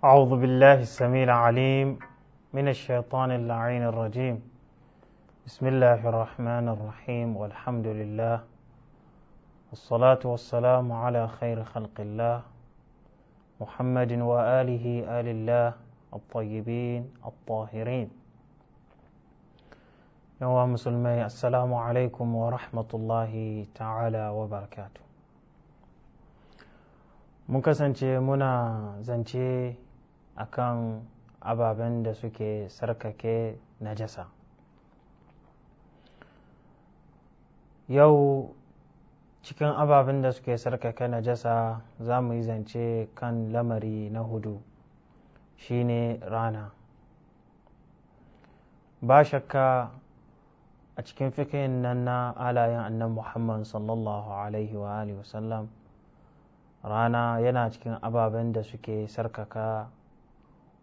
أعوذ بالله السميع العليم من الشيطان اللعين الرجيم بسم الله الرحمن الرحيم والحمد لله والصلاة والسلام على خير خلق الله محمد وآله آل الله الطيبين الطاهرين يا مسلمي السلام عليكم ورحمة الله تعالى وبركاته ممكن kasance muna zance akan ababen da suke sarkake najasa yau cikin ababen da suke sarkake najasa za mu yi zance kan lamari na hudu shine rana ba shakka a cikin fikin nan na alayen annan muhammad sallallahu alaihi wa sallam rana yana cikin ababen da suke sarkaka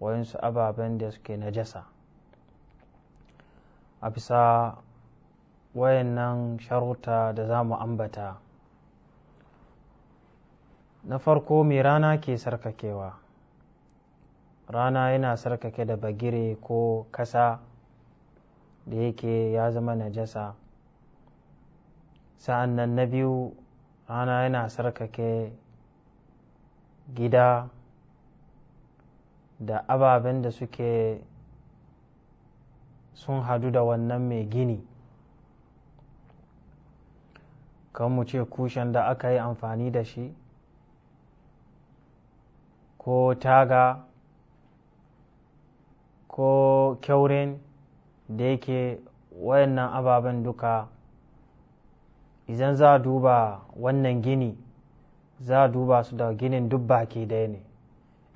wayansu ababen da suke na jasa a bisa wayannan sharuta da za mu ambata na farko mai rana ke sarkakewa rana yana sarkake da bagire ko kasa da yake ya zama najasa sa'an nan na biyu rana yana sarkake gida da ababen da suke sun hadu da wannan mai gini kan mu ce kushen da aka yi amfani da shi ko taga ko kyaurin da yake wayannan ababen duka idan za a duba wannan gini za a duba su da ginin dubba ke daya ne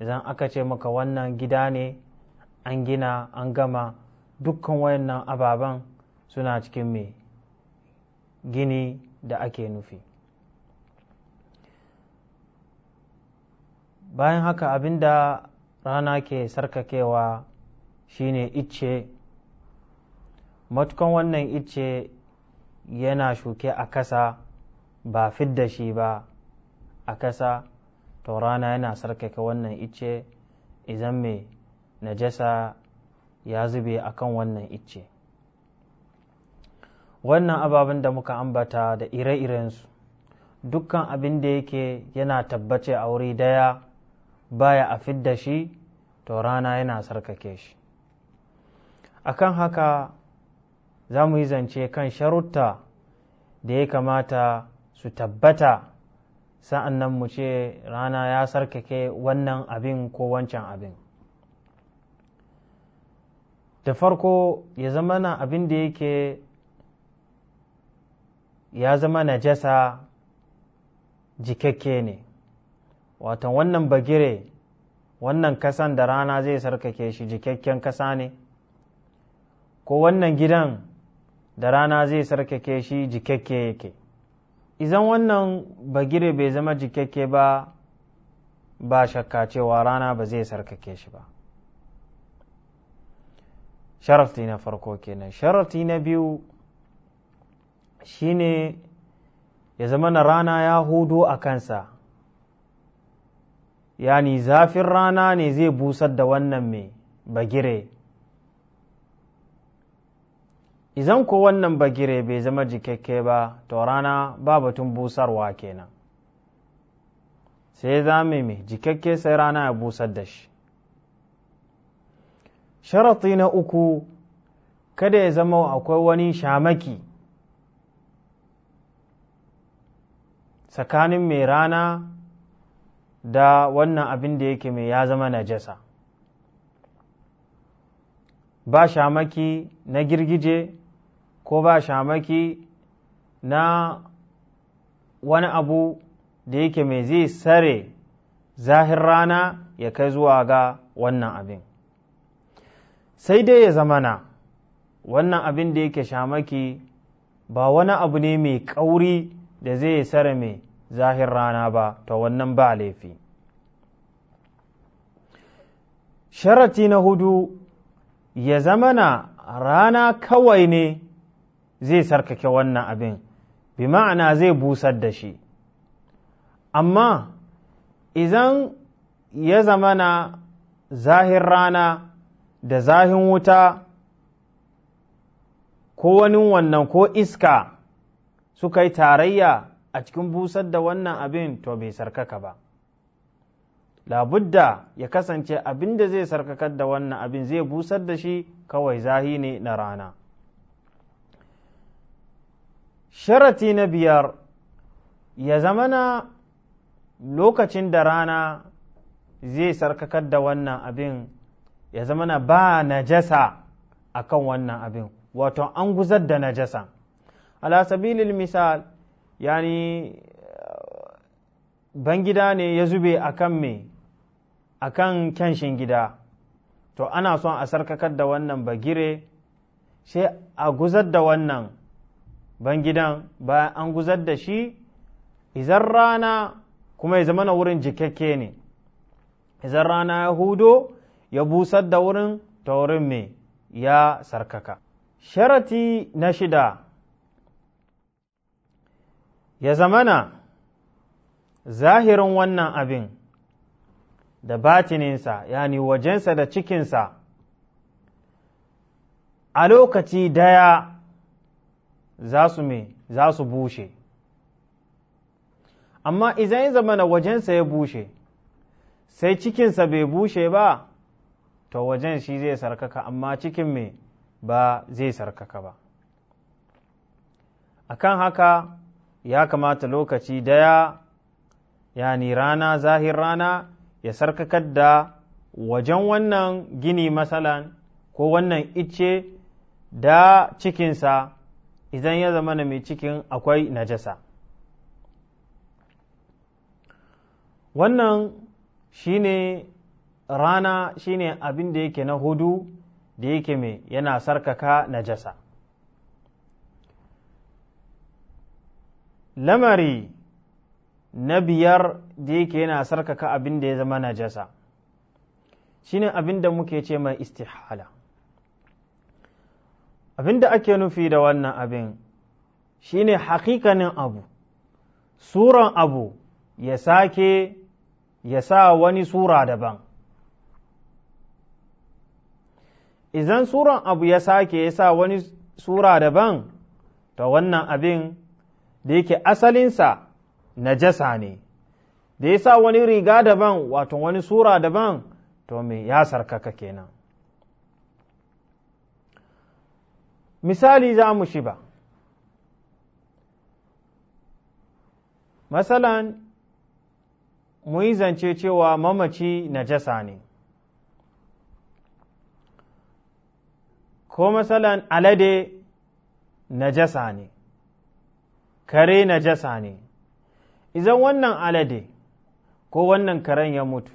idan aka ce maka wannan gida ne an gina an gama dukkan wayannan ababen suna cikin mai gini da ake nufi bayan haka abin da rana ke sarkakewa shine icce matukan wannan icce yana shuke a kasa ba fidda shi ba a kasa to rana yana sarkaka wannan icce idan mai najasa ya zube a kan wannan icce wannan ababen da muka ambata da ire-irensu dukkan abin da yake yana tabbace a wuri daya baya a fidda shi to rana yana sarkake shi akan haka za mu yi zance kan sharutta da ya kamata su tabbata sa'an nan mu ce rana ya sarkake wannan abin ko wancan abin da farko ya zama na abin da yake ya zama na jasa jikakke ne watan wannan bagire wannan kasan da rana zai sarkake shi jikakken kasa ne ko wannan gidan da rana zai sarkake shi jikakke yake izan wannan bagire bai zama jikakke ba ba shakka cewa rana ba zai sarkake shi ba sharafti na farko kenan sharafti na biyu shine ya zama na rana ya hudo a kansa yani zafin rana ne zai busar da wannan mai bagire Izan ko wannan bagire bai zama jikakke ba, to rana ba batun busarwa kenan. Sai za mai jikakke sai rana ya busar da shi. Sharati na uku, kada ya zama akwai wani shamaki tsakanin mai rana da wannan abin da yake mai ya zama najasa. ba shamaki na girgije ko ba shamaki na wani abu da yake mai zai sare zahir rana ya kai zuwa ga wannan abin sai dai ya zamana wannan abin da yake shamaki ba wani abu ne mai ƙauri da zai sare mai zahir rana ba ta wannan ba laifi sharati na hudu ya zamana rana kawai ne zai sarkake wannan abin bi ma'ana zai busar da shi amma idan ya zamana zahin rana da zahin wuta ko wani wannan ko iska suka yi tarayya a cikin busar da wannan abin to bai sarkaka ba labudda ya kasance abin da zai sarkakar da wannan abin zai busar da shi kawai zahi ne na rana sharati na biyar ya zamana lokacin da rana zai sarkakar da wannan abin ya zamana ba najasa a kan wannan abin wato an guzar da najasa ala sabilil misal yani eh, bangida ne ya zube a kan me a kan kyanshin gida to ana son a sarkakar da wannan bagire sai a guzar da wannan bangidan bayan an guzar da shi izar rana kuma ya zama na wurin jikakke ne izar rana ya hudo ya busar da wurin ta wurin mai ya sarkaka sharati na shida ya zamana zahirin wannan abin da batininsa yani wajensa da cikinsa a lokaci daya za su me za su bushe amma idan ya zama na wajensa ya bushe sai cikinsa bai bushe ba to wajen shi zai sarkaka amma cikin me ba zai sarkaka ba akan haka ya kamata lokaci daya yani rana zahir rana ya sarkakar da wajen wannan gini masalan ko wannan icce da cikinsa idan ya zama na mai cikin akwai najasa wannan shine rana shine abin da yake na hudu da yake mai yana sarkaka najasa lamari na biyar da yake yana sarkaka abin da ya zama najasa shine abin da muke ce mai istihala abin da ake nufi da wannan abin shine hakikanin abu suran abu ya sake ya sa wani sura daban idan suran abu ya sake ya sa wani sura daban to wannan abin da yake asalinsa na jasa ne da ya sa wani riga daban wato wani sura daban to me ya sarkaka kenan misali za mu shi ba masalan mu yi zance cewa mamaci najasa ne ko masalan alade najasa ne kare najasa ne Izan wannan alade ko wannan karen ya mutu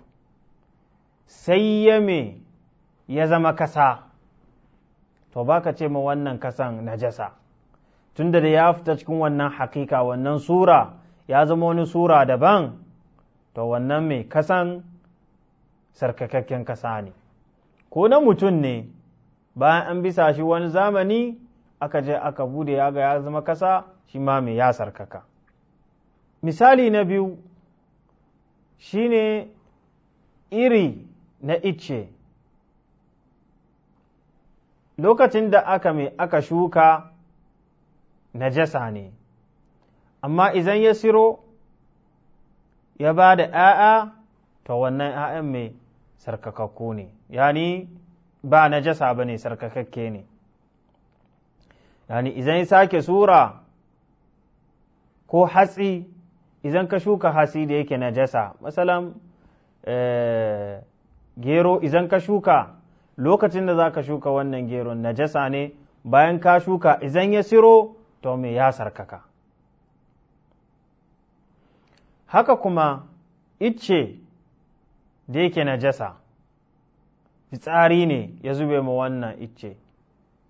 sai ya me ya zama kasa to ba ka ce ma wannan kasan najasa tunda da ya fita cikin wannan hakika wannan sura ya zama wani sura daban to wannan mai kasan sarkakakken kasa ne ko na mutum ne bayan an bisa shi wani zamani aka je aka bude ya ga ya zama kasa shi ma mai ya sarkaka misali na biyu shi ne iri na ice lokacin da aka mai aka shuka najasa ne amma izan ya siro ya ba da ‘ya'ya to wannan ‘ya'yan mai sarkakakku ne yani ba najasa ba ne sarkakakke ne yani idan ya sake sura ko hatsi izan ka shuka hatsi da yake najasa masalan eh, gero izan ka shuka lokacin da za ka shuka wannan geron najasa ne bayan ka shuka idan ya siro to me ya sarkaka haka kuma icce da yake najasa fitsari ne ya zube ma wannan icce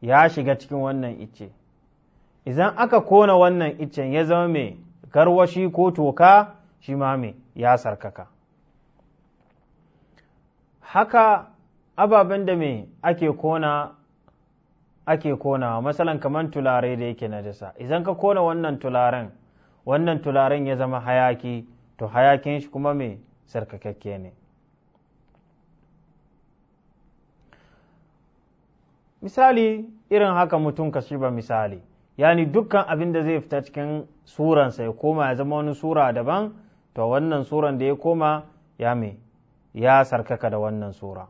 ya shiga cikin wannan icce idan aka kona wannan iccen ya zama mai garwashi ko toka shi ma mai ya sarkaka haka ababen da me ake kona ake konawa masalan kamar tulare da yake na dasa idan ka kona wannan tularen wannan tularen ya zama hayaki to hayakin shi kuma me sarkakakke ne misali irin haka mutum ka shi misali yani dukkan abin da zai fita cikin suransa ya koma ya zama wani sura daban to wannan suran da ya koma ya me ya sarkaka da wannan sura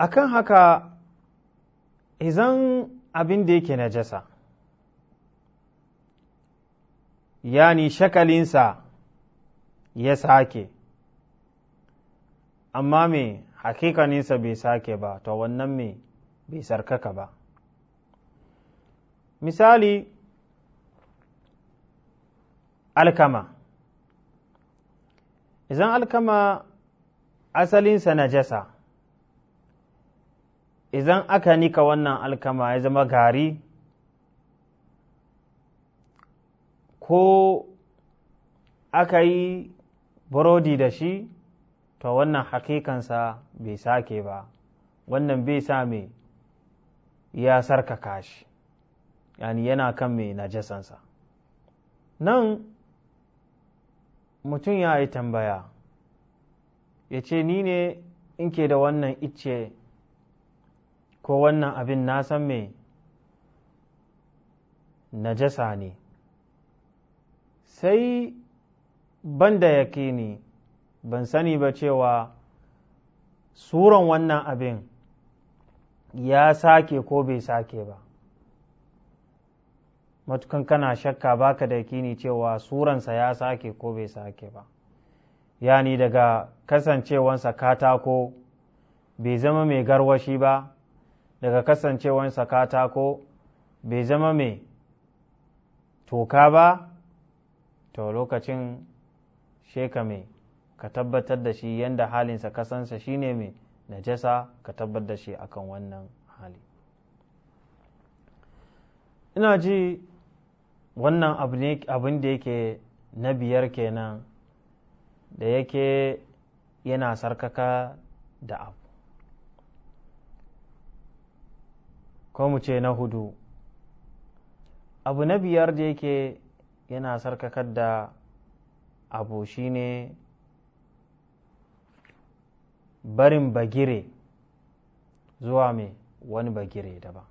akan haka izan abin da yake najasa yani shakalinsa ya sake amma me hakikaninsa bai sake ba to wannan me bai sarkaka ba misali alkama izan alkama asalinsa najasa jasa idan aka nika wannan alkama ya zama gari ko aka yi burodi da shi to wannan hakikansa bai sake ba wannan bai sa mai ya sarkaka shi yani yana kan mai najasansa nan mutum ya yi tambaya ya ce ni ne in ke da wannan icce ko wannan abin na san mai najasa ne sai ban da yake ne ban sani ba cewa suran wannan abin ya sake ko bai sake ba matukan kana shakka baka da yakini cewa suransa ya sake ko bai sake ba yani daga kasancewansa katako bai zama mai garwashi ba daga kasancewansa katako bai zama mai toka ba to lokacin sheka mai ka tabbatar da shi yadda halinsa kasansa shine mai najasa ka tabbatar da shi akan wannan hali ina ji wannan abin da yake na biyar kenan da yake yana sarkaka da abu ko mu ce na hudu abu na biyar da yake yana sarkakar da abu shine barin bagire zuwa mai wani bagire daban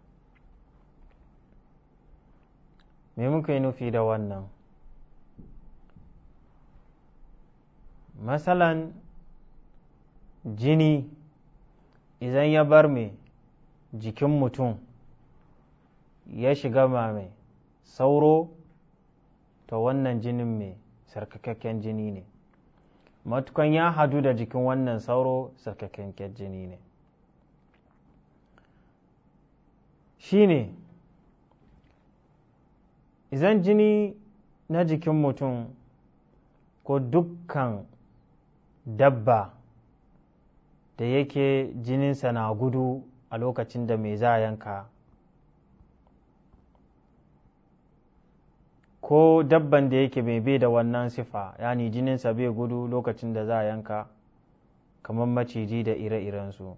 me muka yi nufi da wannan masalan jini idan ya bar mai jikin mutum ya shiga mai sauro ta wannan jinin mai sarkakakken jini ne matukan ya hadu da jikin wannan sauro sarkakakken jini ne shi ne izan jini na jikin mutum ko dukkan dabba da yake jininsa na gudu a lokacin da mai za yanka ko dabban da yake bai bai da wannan sifa yani jininsa bai gudu lokacin da za a yanka kamar maciji da ire iren su.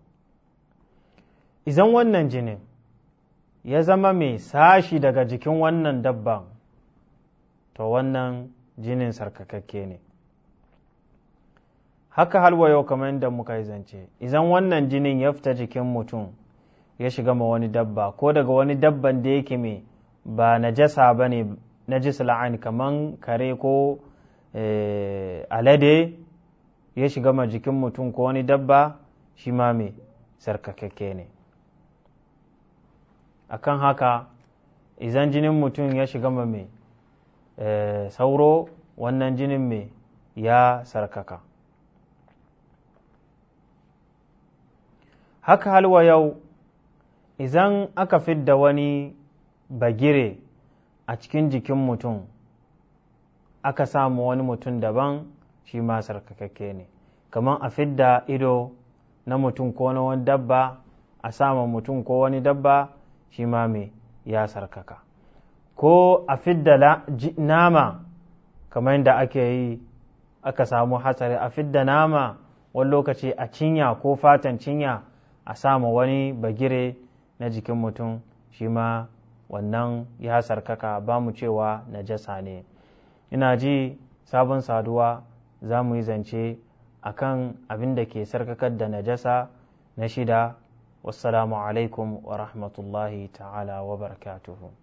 izan wannan jinin ya zama mai sashi daga jikin wannan dabban to wannan jinin sarkakakke ne haka halwa yau kamar yadda muka yi zance izan wannan jinin ya fita jikin mutum ya shiga ma wani dabba ko daga wani dabban da yake mai ba na jasa ba ne na najis la'ani kaman kare ko eh, alade ya shiga ma jikin mutum ko wani dabba shi ma mai sarkakakke ne akan haka izan jinin mutum ya shiga ma mai eh, sauro wannan jinin mai ya sarkaka haka halwa yau izan aka fidda wani bagire a cikin jikin mutum aka samu wani mutum daban shi ma sarkakakke ne kamar a fidda ido na mutum ko na wani dabba a samun mutum ko wani dabba shi ma mai ya sarkaka ko a fidda nama kamar yadda ake yi aka samu hatsari a fidda nama wani lokaci a cinya ko fatan cinya a samu wani bagire na jikin mutum shi ma wannan ya sarkaka ba mu cewa najasa ne ina ji sabon saduwa za mu yi zance a kan abin da ke sarkakar da najasa na shida wasu alaikum wa rahmatullahi ta'ala wa barakatuhu